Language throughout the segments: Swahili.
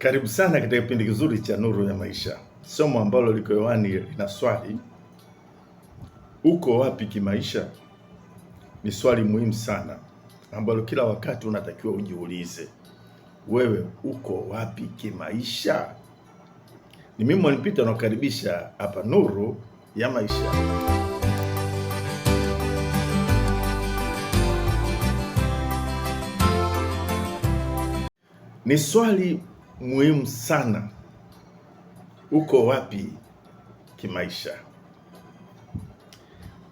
Karibu sana katika kipindi kizuri cha Nuru ya Maisha, somo ambalo liko hewani lina swali, uko wapi kimaisha? Ni swali muhimu sana ambalo kila wakati unatakiwa ujiulize, wewe uko wapi kimaisha? Ni mimi Peter, nakukaribisha hapa Nuru ya Maisha. Ni swali muhimu sana. Uko wapi kimaisha?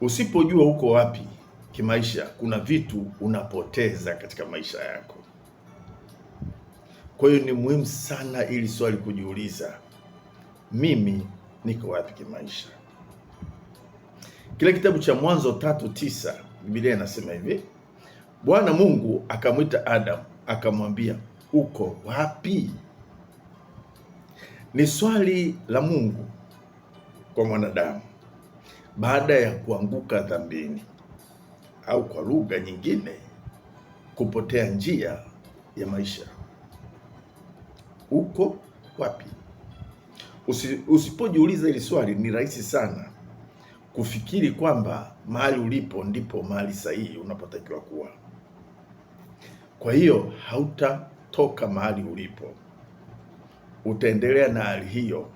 Usipojua uko wapi kimaisha, kuna vitu unapoteza katika maisha yako. Kwa hiyo ni muhimu sana ili swali kujiuliza, mimi niko wapi kimaisha? Kile kitabu cha Mwanzo tatu tisa Biblia inasema hivi, Bwana Mungu akamwita Adamu akamwambia, uko wapi? Ni swali la Mungu kwa mwanadamu baada ya kuanguka dhambini, au kwa lugha nyingine, kupotea njia ya maisha. Uko wapi? Usi, usipojiuliza hili swali, ni rahisi sana kufikiri kwamba mahali ulipo ndipo mahali sahihi unapotakiwa kuwa. Kwa hiyo hautatoka mahali ulipo utaendelea na hali hiyo,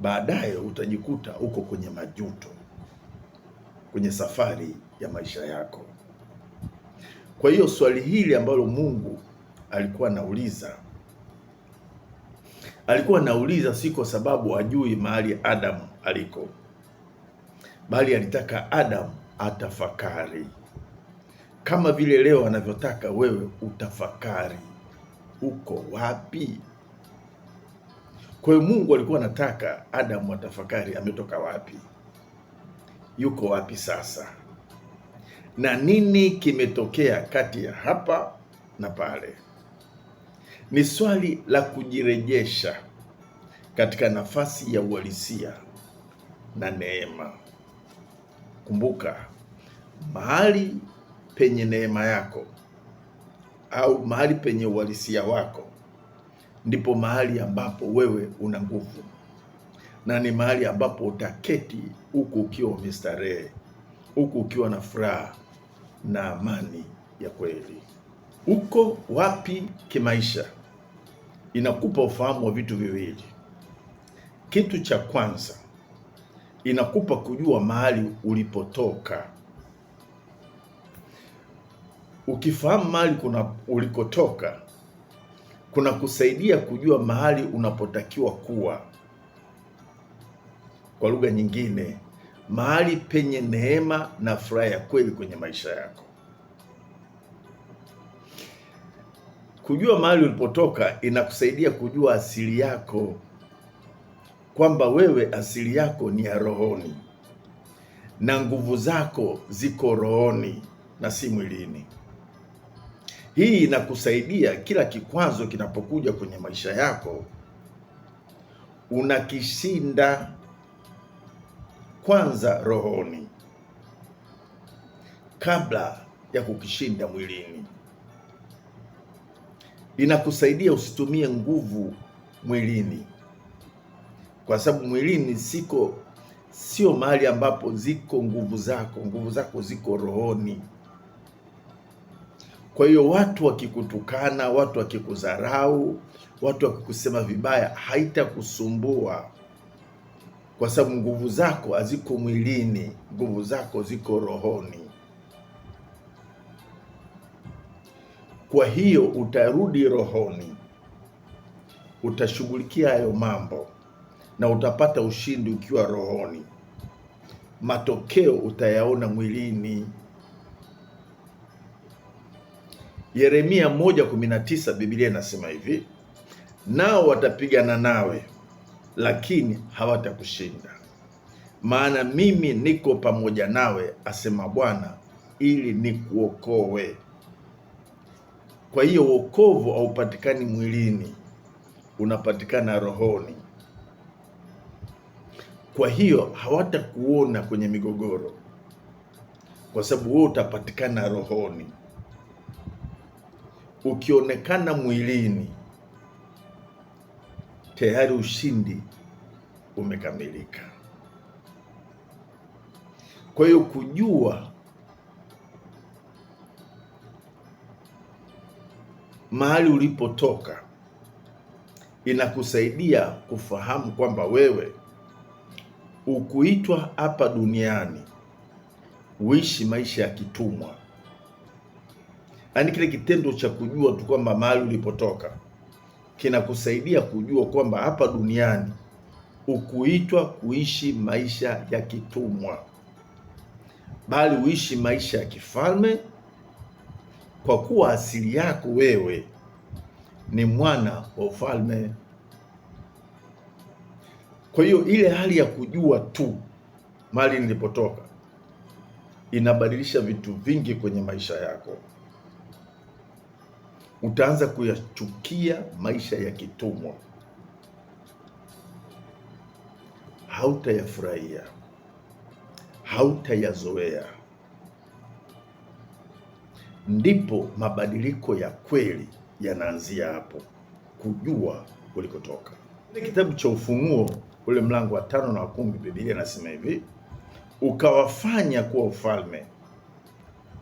baadaye utajikuta uko kwenye majuto kwenye safari ya maisha yako. Kwa hiyo swali hili ambalo Mungu alikuwa anauliza, alikuwa anauliza si kwa sababu ajui mahali Adamu aliko, bali alitaka Adamu atafakari kama vile leo anavyotaka wewe utafakari. Uko wapi? Kwa hiyo Mungu alikuwa anataka Adamu atafakari ametoka wapi, yuko wapi sasa, na nini kimetokea kati ya hapa na pale. Ni swali la kujirejesha katika nafasi ya uhalisia na neema. Kumbuka, mahali penye neema yako au mahali penye uhalisia wako ndipo mahali ambapo wewe una nguvu na ni mahali ambapo utaketi huku ukiwa umestarehe, huku ukiwa na furaha na amani ya kweli. Uko wapi kimaisha? Inakupa ufahamu wa vitu viwili. Kitu cha kwanza inakupa kujua mahali ulipotoka. Ukifahamu mahali kuna ulikotoka kunakusaidia kujua mahali unapotakiwa kuwa. Kwa lugha nyingine, mahali penye neema na furaha ya kweli kwenye maisha yako. Kujua mahali ulipotoka inakusaidia kujua asili yako, kwamba wewe asili yako ni ya rohoni na nguvu zako ziko rohoni na si mwilini. Hii inakusaidia kila kikwazo kinapokuja kwenye maisha yako unakishinda kwanza rohoni kabla ya kukishinda mwilini. inakusaidia usitumie nguvu mwilini, kwa sababu mwilini siko, sio mahali ambapo ziko nguvu zako. Nguvu zako ziko rohoni. Kwa hiyo watu wakikutukana, watu wakikudharau, watu wakikusema vibaya, haitakusumbua kwa sababu nguvu zako haziko mwilini, nguvu zako ziko rohoni. Kwa hiyo utarudi rohoni, utashughulikia hayo mambo na utapata ushindi ukiwa rohoni. Matokeo utayaona mwilini. Yeremia 1:19 Biblia inasema hivi, nao watapigana nawe, lakini hawatakushinda, maana mimi niko pamoja nawe, asema Bwana, ili nikuokoe. Kwa hiyo wokovu haupatikani mwilini, unapatikana rohoni. Kwa hiyo hawatakuona kwenye migogoro, kwa sababu wewe utapatikana rohoni ukionekana mwilini, tayari ushindi umekamilika. Kwa hiyo kujua mahali ulipotoka inakusaidia kufahamu kwamba wewe ukuitwa hapa duniani uishi maisha ya kitumwa. Yaani kile kitendo cha kujua tu kwamba mahali ulipotoka kinakusaidia kujua kwamba hapa duniani ukuitwa kuishi maisha ya kitumwa, bali uishi maisha ya kifalme, kwa kuwa asili yako wewe ni mwana wa ufalme. Kwa hiyo ile hali ya kujua tu mahali nilipotoka inabadilisha vitu vingi kwenye maisha yako utaanza kuyachukia maisha ya kitumwa, hautayafurahia, hautayazoea. Ndipo mabadiliko ya kweli yanaanzia hapo, kujua ulikotoka. Ile kitabu cha Ufunuo ule mlango wa tano na wa kumi, Biblia inasema hivi, ukawafanya kuwa ufalme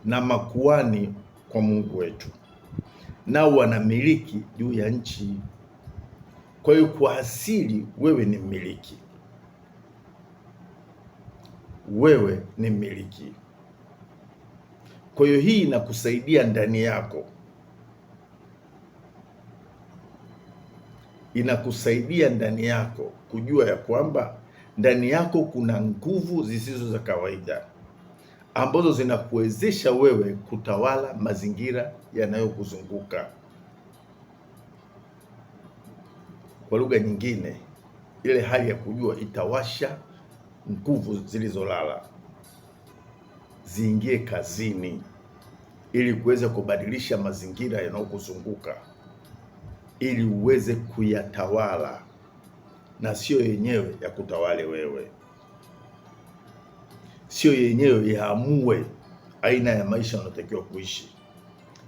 na makuani kwa Mungu wetu nao wanamiliki juu ya nchi. Kwa hiyo kwa asili wewe ni mmiliki, wewe ni mmiliki. Kwa hiyo hii inakusaidia ndani yako, inakusaidia ndani yako kujua ya kwamba ndani yako kuna nguvu zisizo za kawaida ambazo zinakuwezesha wewe kutawala mazingira yanayokuzunguka. Kwa lugha nyingine, ile hali ya kujua itawasha nguvu zilizolala ziingie kazini ili kuweza kubadilisha mazingira yanayokuzunguka ili uweze kuyatawala na siyo yenyewe ya kutawale wewe sio yenyewe yaamue aina ya maisha unatakiwa kuishi,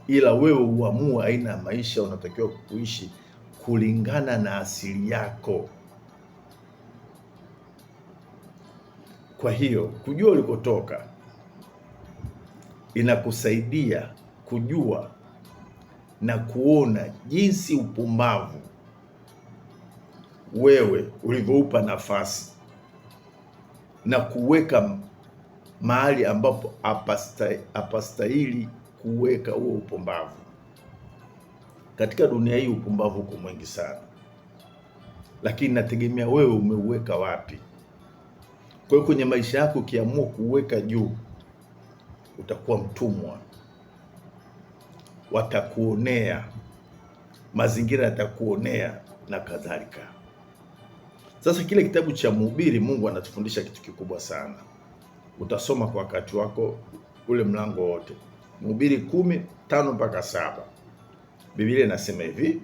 ila wewe uamue aina ya maisha unatakiwa kuishi kulingana na asili yako. Kwa hiyo kujua ulikotoka inakusaidia kujua na kuona jinsi upumbavu wewe ulivyoupa nafasi na kuweka mahali ambapo hapastahili kuweka huo upumbavu. Katika dunia hii upumbavu uko mwingi sana, lakini nategemea wewe umeuweka wapi. Kwa hiyo kwenye maisha yako ukiamua kuweka juu, utakuwa mtumwa, watakuonea, mazingira yatakuonea na kadhalika. Sasa kile kitabu cha Mhubiri, Mungu anatufundisha kitu kikubwa sana utasoma kwa wakati wako ule mlango wote, Mhubiri kumi tano mpaka saba. Biblia inasema hivi,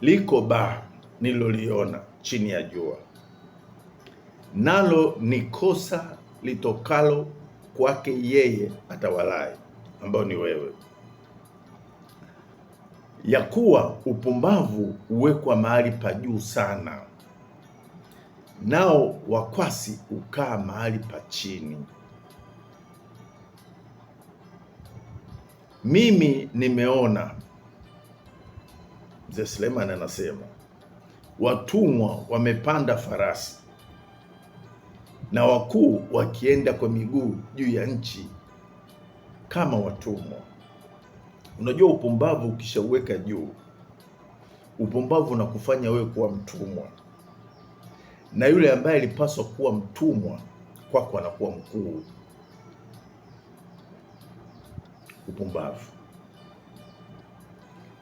liko baa nililoliona chini ya jua, nalo ni kosa litokalo kwake yeye atawalaye, ambao ni wewe, ya kuwa upumbavu huwekwa mahali pa juu sana, nao wakwasi ukaa mahali pa chini. mimi nimeona. Mzee Suleiman anasema watumwa wamepanda farasi na wakuu wakienda kwa miguu juu ya nchi kama watumwa. Unajua, upumbavu ukishauweka juu, upumbavu unakufanya wewe kuwa mtumwa, na yule ambaye alipaswa kuwa mtumwa kwako anakuwa mkuu upumbavu.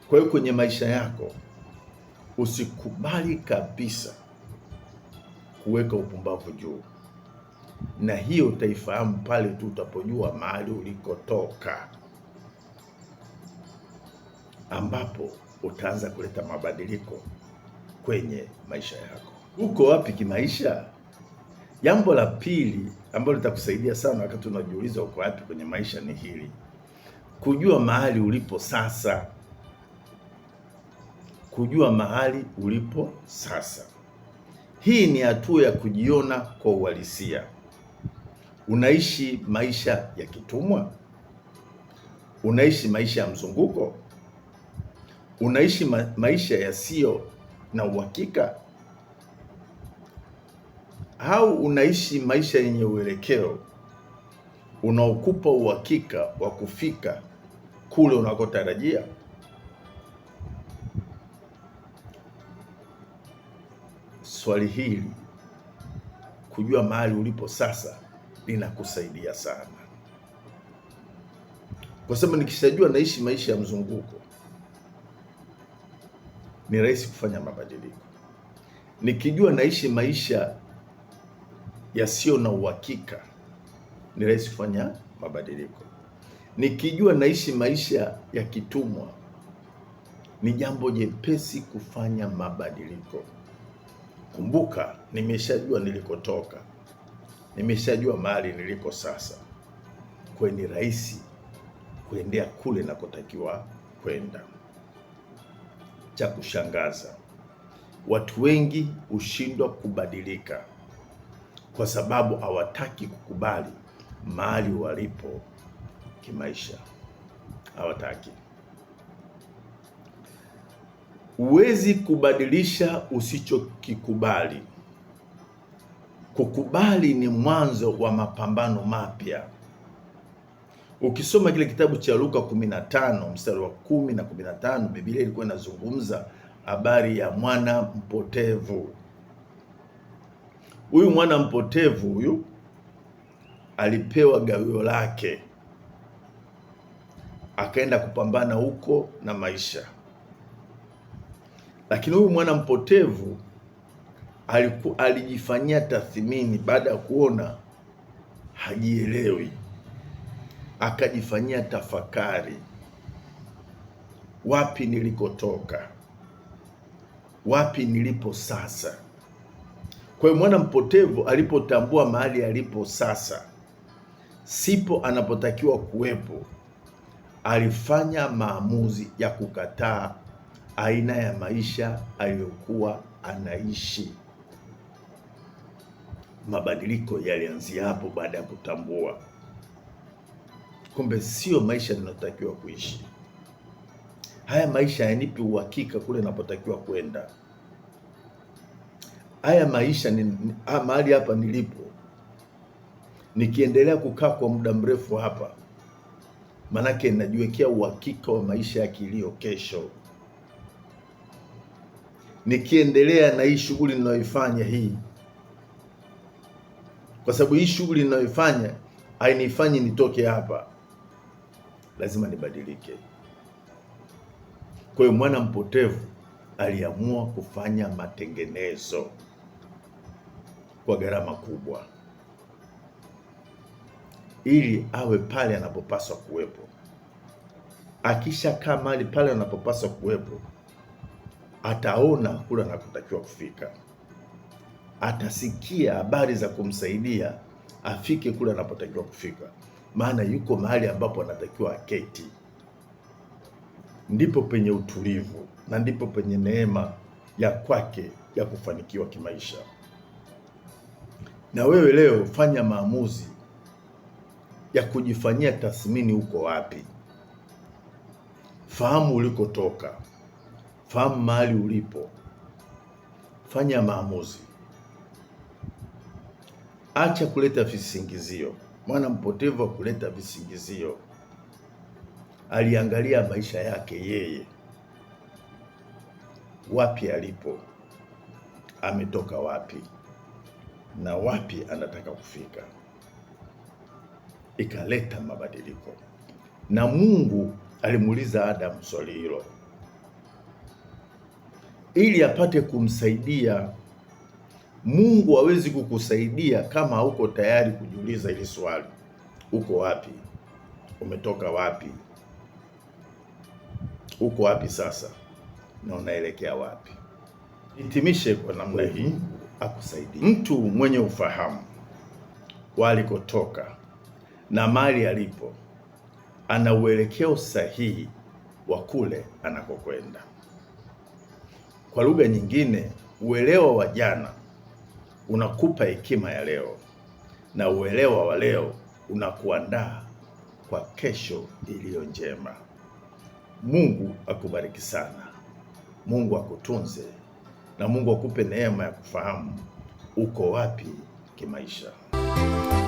Kwa hiyo kwenye maisha yako usikubali kabisa kuweka upumbavu juu, na hiyo utaifahamu pale tu utapojua mahali ulikotoka, ambapo utaanza kuleta mabadiliko kwenye maisha yako. Uko wapi kimaisha? Jambo la pili ambalo litakusaidia sana wakati unajiuliza uko wapi kwenye maisha ni hili kujua mahali ulipo sasa, kujua mahali ulipo sasa. Hii ni hatua ya kujiona kwa uhalisia. Unaishi maisha ya kitumwa? Unaishi maisha ya mzunguko? Unaishi ma maisha yasiyo na uhakika au unaishi maisha yenye uelekeo unaokupa uhakika wa kufika kule unakotarajia. Swali hili kujua mahali ulipo sasa linakusaidia sana, kwa sababu nikishajua naishi maisha ya mzunguko, ni rahisi kufanya mabadiliko. Nikijua naishi maisha yasiyo na uhakika, ni rahisi kufanya mabadiliko. Nikijua naishi maisha ya kitumwa, ni jambo jepesi kufanya mabadiliko. Kumbuka, nimeshajua nilikotoka, nimeshajua mahali niliko sasa, kwa ni rahisi kuendea kule nakotakiwa kwenda. Cha kushangaza, watu wengi hushindwa kubadilika kwa sababu hawataki kukubali mahali walipo kimaisha, hawataki. Huwezi kubadilisha usichokikubali. Kukubali ni mwanzo wa mapambano mapya. Ukisoma kile kitabu cha Luka 15 mstari wa 10 na 15, Biblia ilikuwa inazungumza habari ya mwana mpotevu. Huyu mwana mpotevu huyu alipewa gawio lake, akaenda kupambana huko na maisha. Lakini huyu mwana mpotevu aliku, alijifanyia tathmini baada ya kuona hajielewi, akajifanyia tafakari, wapi nilikotoka, wapi nilipo sasa. Kwa hiyo mwana mpotevu alipotambua mahali alipo sasa, sipo anapotakiwa kuwepo alifanya maamuzi ya kukataa aina ya maisha aliyokuwa anaishi. Mabadiliko yalianzia hapo baada ya kutambua kumbe sio maisha ninayotakiwa kuishi. Haya maisha yanipi uhakika kule ninapotakiwa kwenda. Haya maisha ni mahali hapa nilipo, nikiendelea kukaa kwa muda mrefu hapa Maanake najiwekea uhakika wa maisha ya kilio kesho. Nikiendelea na hii shughuli ninayoifanya hii, kwa sababu hii shughuli ninayoifanya hainifanyi nitoke hapa, lazima nibadilike. Kwa hiyo mwana mpotevu aliamua kufanya matengenezo kwa gharama kubwa ili awe pale anapopaswa kuwepo. Akishakaa mahali pale anapopaswa kuwepo, ataona kule anakotakiwa kufika, atasikia habari za kumsaidia afike kule anapotakiwa kufika, maana yuko mahali ambapo anatakiwa aketi. Ndipo penye utulivu na ndipo penye neema ya kwake ya kufanikiwa kimaisha. Na wewe leo fanya maamuzi ya kujifanyia tathmini uko wapi. Fahamu ulikotoka, fahamu mahali ulipo, fanya maamuzi, acha kuleta visingizio. Mwana mpotevu kuleta visingizio, aliangalia maisha yake yeye, wapi alipo, ametoka wapi na wapi anataka kufika ikaleta mabadiliko. Na Mungu alimuuliza Adamu swali hilo ili apate kumsaidia. Mungu hawezi kukusaidia kama hauko tayari kujiuliza hili swali: uko wapi? Umetoka wapi? Uko wapi sasa na unaelekea wapi? Hitimishe kwa namna hii, akusaidie mtu mwenye ufahamu walikotoka na mali alipo, ana uelekeo sahihi wa kule anakokwenda. Kwa lugha nyingine, uelewa wa jana unakupa hekima ya leo na uelewa wa leo unakuandaa kwa kesho iliyo njema. Mungu akubariki sana, Mungu akutunze na Mungu akupe neema ya kufahamu uko wapi kimaisha.